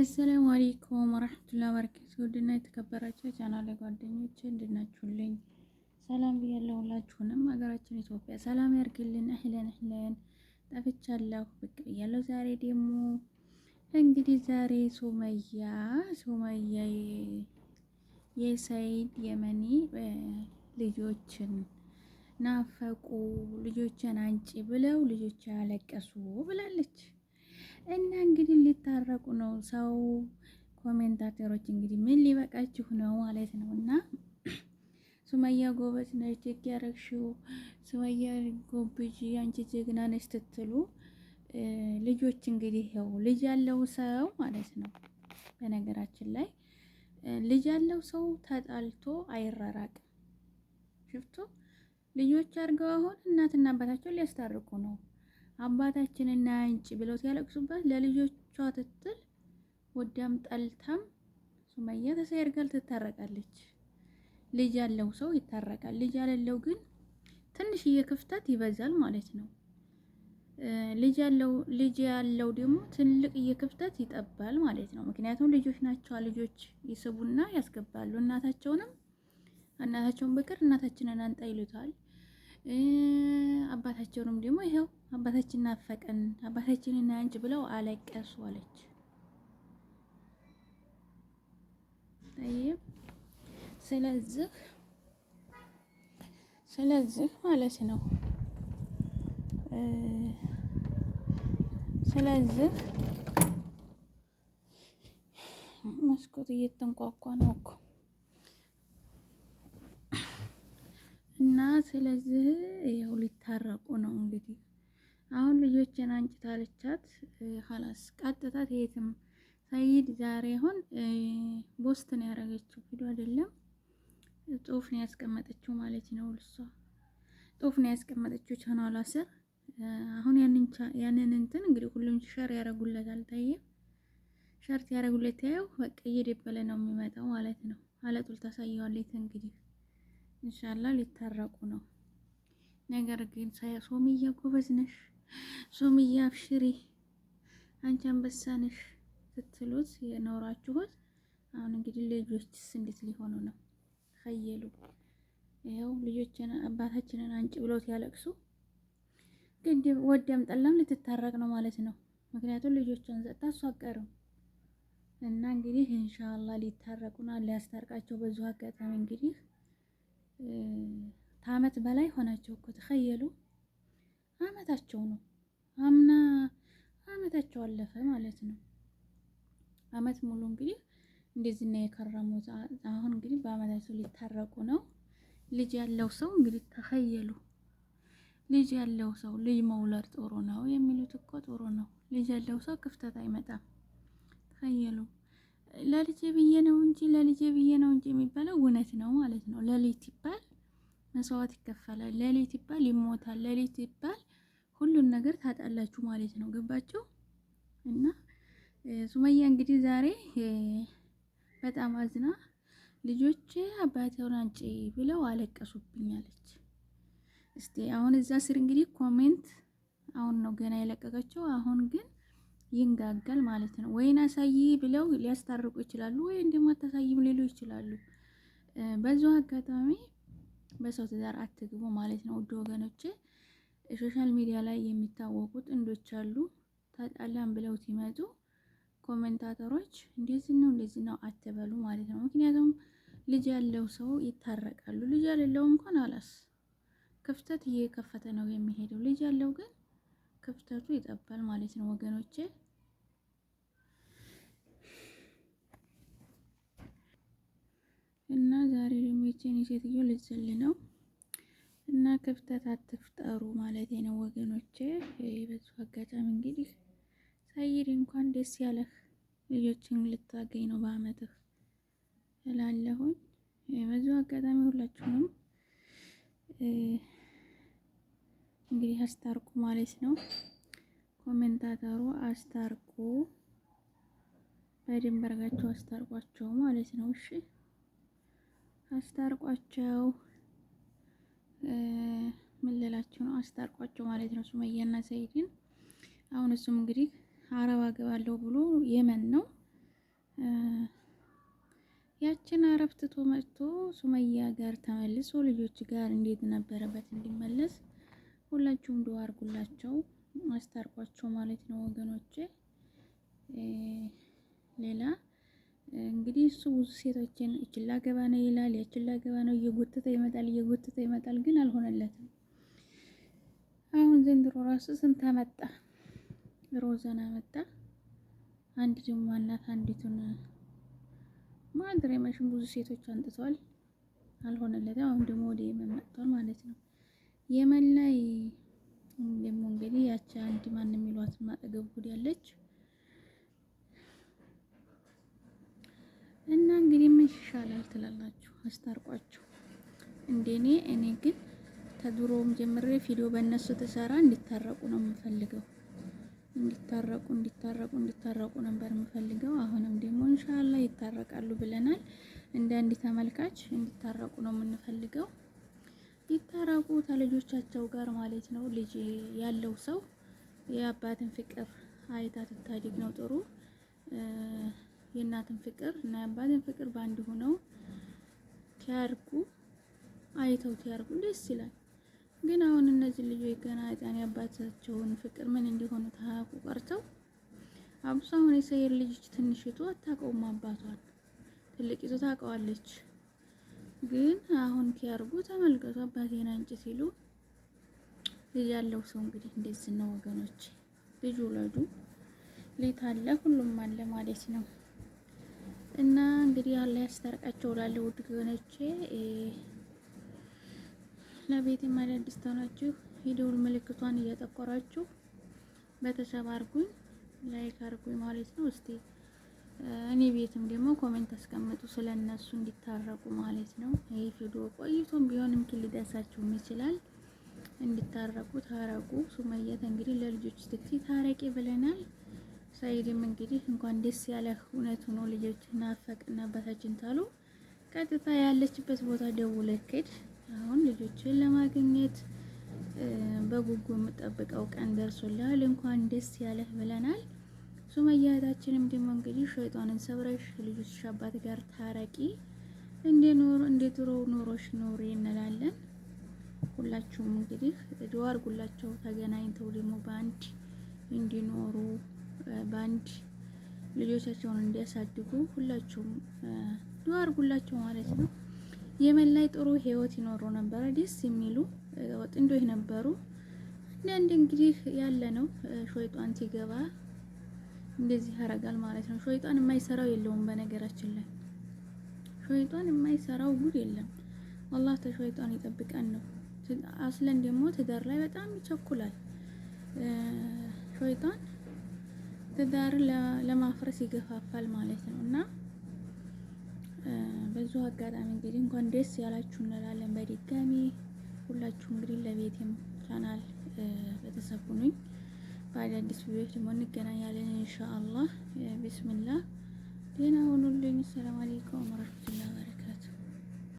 አሰላሙ አሌይኩም ወረሕመቱላሂ ወበረካቱ። ውድና የተከበራችሁ የቻናሌ ጓደኞች ናችሁልኝ ሰላም ብያለሁ። ሁላችሁንም ሀገራችን ኢትዮጵያ ሰላም ያርግልን። እህለን እህለን ጠፍቻለሁ ብቅ ብያለሁ። ዛሬ ደግሞ እንግዲህ ዛሬ ሱመያ ሱመያ የሰይድ የመኒ ልጆችን ናፈቁ ልጆችን አንጪ ብለው ልጆች ያለቀሱ ብላለች። እና እንግዲህ ሊታረቁ ነው። ሰው ኮሜንታተሮች እንግዲህ ምን ሊበቃችሁ ነው ማለት ነው እና ሱመያ ጎበዝ ነች፣ ቴክ ያረግሽው ሱመያ ጎብጂ፣ አንቺ ጀግና ነች ስትሉ ልጆች እንግዲህ ያው ልጅ ያለው ሰው ማለት ነው። በነገራችን ላይ ልጅ ያለው ሰው ተጣልቶ አይራራቅም። ሽፍቶ ልጆች አድርገው አሁን እናትና አባታቸው ሊያስታርቁ ነው። አባታችንና አንቺ ብለው ሲያለቅሱበት ለልጆቿ ትትል ወዳም ጠልታም ሱመያ ተሰይር ጋር ትታረቃለች። ልጅ ያለው ሰው ይታረቃል። ልጅ ያለው ግን ትንሽዬ ክፍተት ይበዛል ማለት ነው። ልጅ ያለው ልጅ ያለው ደግሞ ትልቅዬ ክፍተት ይጠባል ማለት ነው። ምክንያቱም ልጆች ናቸው። ልጆች ይስቡና ያስገባሉ። እናታቸውንም እናታቸውን በቅር እናታችንን አንጣ ይሉታል። አባታቸውንም ደግሞ ይኸው አባታችን ናፈቀን፣ አባታችን እና አንቺ ብለው አለቀሱ አለች። ስለዚህ ስለዚህ ማለት ነው ስለዚህ መስኮት እየተንኳኳ ነው እኮ እና ስለዚህ ያው ሊታረቁ ነው እንግዲህ አሁን ልጆችን አንጭት አለቻት። ሀላስ ቀጥታ ትሄትም ሰይድ ዛሬ አሁን ቦስት ነው ያደረገችው። ሂዶ አይደለም ጽሁፍ ነው ያስቀመጠችው ማለት ነው። ልሷ ጽሁፍ ነው ያስቀመጠችው ቻናሏ ስር። አሁን ያንን እንትን እንግዲህ ሁሉም ሸር ያደረጉለታል። ታየ ሸርት ያደረጉለት ያየው በቃ እየደበለ ነው የሚመጣው ማለት ነው። አለጡል ታሳየዋለች። እንግዲህ ኢንሻላህ ሊታረቁ ነው። ነገር ግን ሳያ ሶምያ ጎበዝ ነሽ ሱምዬ አብሽሪ አንቺ አንበሳ ነሽ ስትሉት የኖራችሁት አሁን እንግዲህ ልጆችስ እንዴት ሊሆኑ ነው? ከየሉ ይኸው ልጆችን አባታችንን አንጭ ብሎት ያለቅሱ። ግን ወደም ጠላም ልትታረቅ ነው ማለት ነው። ምክንያቱም ልጆቿን ዘጥታ እሱ አቀርም እና እንግዲህ እንሻላ ሊታረቁና ሊያስታርቃቸው በዙ አጋጣሚ እንግዲህ ታመት በላይ ሆናቸው እኮ ተኸየሉ አመታቸው ነው። አምና አመታቸው አለፈ ማለት ነው። አመት ሙሉ እንግዲህ እንደዚህ ነው የከረሙት። አሁን እንግዲህ በአመታቸው ሊታረቁ ነው። ልጅ ያለው ሰው እንግዲህ ተኸየሉ ልጅ ያለው ሰው ልጅ መውለድ ጥሩ ነው የሚሉት እኮ ጥሩ ነው። ልጅ ያለው ሰው ክፍተት አይመጣም። ተኸየሉ ለልጄ ብዬ ነው እንጂ ለልጄ ብዬ ነው እንጂ የሚባለው እውነት ነው ማለት ነው። ለሊት ይባል መስዋዕት ይከፈላል። ለሊት ይባል ይሞታል። ለሊት ይባል ሁሉን ነገር ታጣላችሁ ማለት ነው። ገባችሁ? እና ሱመያ እንግዲህ ዛሬ በጣም አዝና ልጆች አባቴውን አንጪ ብለው አለቀሱብኝ አለች። እስቲ አሁን እዛ ስር እንግዲህ ኮሜንት አሁን ነው ገና የለቀቀችው። አሁን ግን ይንጋጋል ማለት ነው። ወይን አሳይ ብለው ሊያስታርቁ ይችላሉ፣ ወይም ደግሞ አታሳይም ሊሉ ይችላሉ። በዚሁ አጋጣሚ በሰው ትዳር አትግቡ ማለት ነው ውድ ወገኖቼ። ሶሻል ሚዲያ ላይ የሚታወቁ ጥንዶች አሉ። ታጣላን ብለው ሲመጡ ኮሜንታተሮች እንደዚህ ነው እንደዚህ ነው አትበሉ ማለት ነው። ምክንያቱም ልጅ ያለው ሰው ይታረቃሉ። ልጅ ያሌለው እንኳን አላስ ክፍተት እየከፈተ ነው የሚሄደው። ልጅ ያለው ግን ክፍተቱ ይጠባል ማለት ነው ወገኖቼ። እና ዛሬ ደግሞ ይችን ሴትዮ ልትዘል ነው ክፍተት አትፍጠሩ ማለት ነው ወገኖቼ። በዚሁ አጋጣሚ እንግዲህ ሰይድ እንኳን ደስ ያለህ ልጆችን ልታገኝ ነው በአመትህ እላለሁኝ። በዚሁ አጋጣሚ ሁላችሁንም እንግዲህ አስታርቁ ማለት ነው። ኮሜንታተሩ አስታርቁ፣ በደንብ አስታርቋቸው ማለት ነው። እሺ አስታርቋቸው። ምን ልላችሁ ነው አስታርቋቸው ማለት ነው ሱመያና ሰይድን። አሁን እሱም እንግዲህ አረብ አገባለሁ ብሎ የመን ነው ያችን አረብ ትቶ መጥቶ ሱመያ ጋር ተመልሶ ልጆች ጋር እንዴት ነበረበት እንዲመለስ ሁላችሁም ዱአ አድርጉላቸው፣ አስታርቋቸው ማለት ነው ወገኖቼ ሌላ እንግዲህ እሱ ብዙ ሴቶችን እችላ ገባ ነው ይላል፣ ያችላ ገባ ነው እየጎተተ ይመጣል፣ እየጎተተ ይመጣል። ግን አልሆነለትም። አሁን ዘንድሮ ራሱ ስንት አመጣ? ሮዘን አመጣ። አንድ ደግሞ እናት አንዲቱን ማድሬ መሽን ብዙ ሴቶች አንጥቷል፣ አልሆነለትም። አሁን ደግሞ ወደ የመን መጥቷል ማለት ነው። የመን ላይ ደግሞ እንግዲህ ያቺ አንድ ማንም የሚሏት ማጠገብ ጉድ ያለች እና እንግዲህ ምን ይሻላል ትላላችሁ? አስታርቋችሁ እንደኔ እኔ ግን ከድሮውም ጀምሬ ቪዲዮ በእነሱ ተሰራ እንዲታረቁ ነው የምፈልገው። እንዲታረቁ እንዲታረቁ እንዲታረቁ ነበር የምፈልገው። አሁንም ደግሞ ኢንሻአላ ይታረቃሉ ብለናል። እንደ አንድ ተመልካች እንዲታረቁ ነው የምንፈልገው። ይታረቁ ከልጆቻቸው ጋር ማለት ነው። ልጅ ያለው ሰው የአባትን ፍቅር አይታ ትታድግ ነው ጥሩ የእናትን ፍቅር እና የአባትን ፍቅር በአንድ ሆነው ቲያርጉ አይተው ቲያርጉ ደስ ይላል። ግን አሁን እነዚህ ልጆች ገና ህፃን የአባታቸውን ፍቅር ምን እንዲሆኑ ታያቁ ቀርተው አብሶ አሁን የሰይር ልጅ ትንሽቱ አታውቀውም አባቷን፣ ትልቂቱ ታውቀዋለች። ግን አሁን ኪያርጉ ተመልከቱ አባቴን አንጭ ሲሉ ልጅ ያለው ሰው እንግዲህ እንደዚህ ነው ወገኖች። ልጅ ውለዱ፣ ልጅ ሁሉም አለ ማለት ነው። እና እንግዲህ አላህ ያስታርቃቸው እላለሁ። ውድ ሆነች ለቤት አዳዲስ ተሆናችሁ የደውል ምልክቷን እያጠቆራችሁ በተሰብ አርጉኝ፣ ላይክ አርጉኝ ማለት ነው። እስቲ እኔ ቤትም ደግሞ ኮሜንት አስቀምጡ ስለ እነሱ እንዲታረቁ ማለት ነው። ይህ ቪዲዮ ቆይቶም ቢሆንም ግን ሊደርሳችሁም ይችላል። እንዲታረቁ ታረቁ። ሱመየት እንግዲህ ለልጆች ስትይ ታረቂ ብለናል። ሰይድም እንግዲህ እንኳን ደስ ያለህ እውነት ሆኖ ልጆች አፈቅና አባታችን ታሉ ቀጥታ ያለችበት ቦታ ደውለክድ ሂድ። አሁን ልጆችን ለማግኘት በጉጉ የምጠብቀው ቀን ደርሶልሃል። እንኳን ደስ ያለህ ብለናል። ሱመያታችንም ደግሞ እንግዲህ ሸይጣንን ሰብረሽ ልጆችሽ አባት ጋር ታረቂ እንደ ድሮ ኖሮሽ ኑሪ እንላለን። ሁላችሁም እንግዲህ ድዋር አድርጉላቸው ተገናኝተው ደግሞ በአንድ እንዲኖሩ በአንድ ልጆቻቸውን እንዲያሳድጉ ሁላችሁም ዱአ አርጉላቸው ማለት ነው። የመን ላይ ጥሩ ህይወት ይኖሩ ነበረ። ደስ የሚሉ ጥንዶች ነበሩ። አንዳንድ እንግዲህ ያለ ነው ሾይጧን ሲገባ እንደዚህ ያደርጋል ማለት ነው። ሾይጧን የማይሰራው የለውም። በነገራችን ላይ ሾይጧን የማይሰራው ጉድ የለም። አላህ ተሾይጧን ይጠብቀን ነው። አስለን ደግሞ ትዳር ላይ በጣም ይቸኩላል ሾይጧን ትዳርን ለማፍረስ ይገፋፋል ማለት ነው እና በዙ አጋጣሚ እንግዲህ እንኳን ደስ ያላችሁ እንላለን በድጋሚ ሁላችሁ እንግዲህ ለቤቴም ቻናል ቤተሰብ ሁኑኝ። በአዳዲስ ቪዲዮች ደግሞ እንገናኛለን። ኢንሻአላህ ቢስሚላህ ጤና ሁኑልኝ። ሰላም አለይኩም ወራህመቱላህ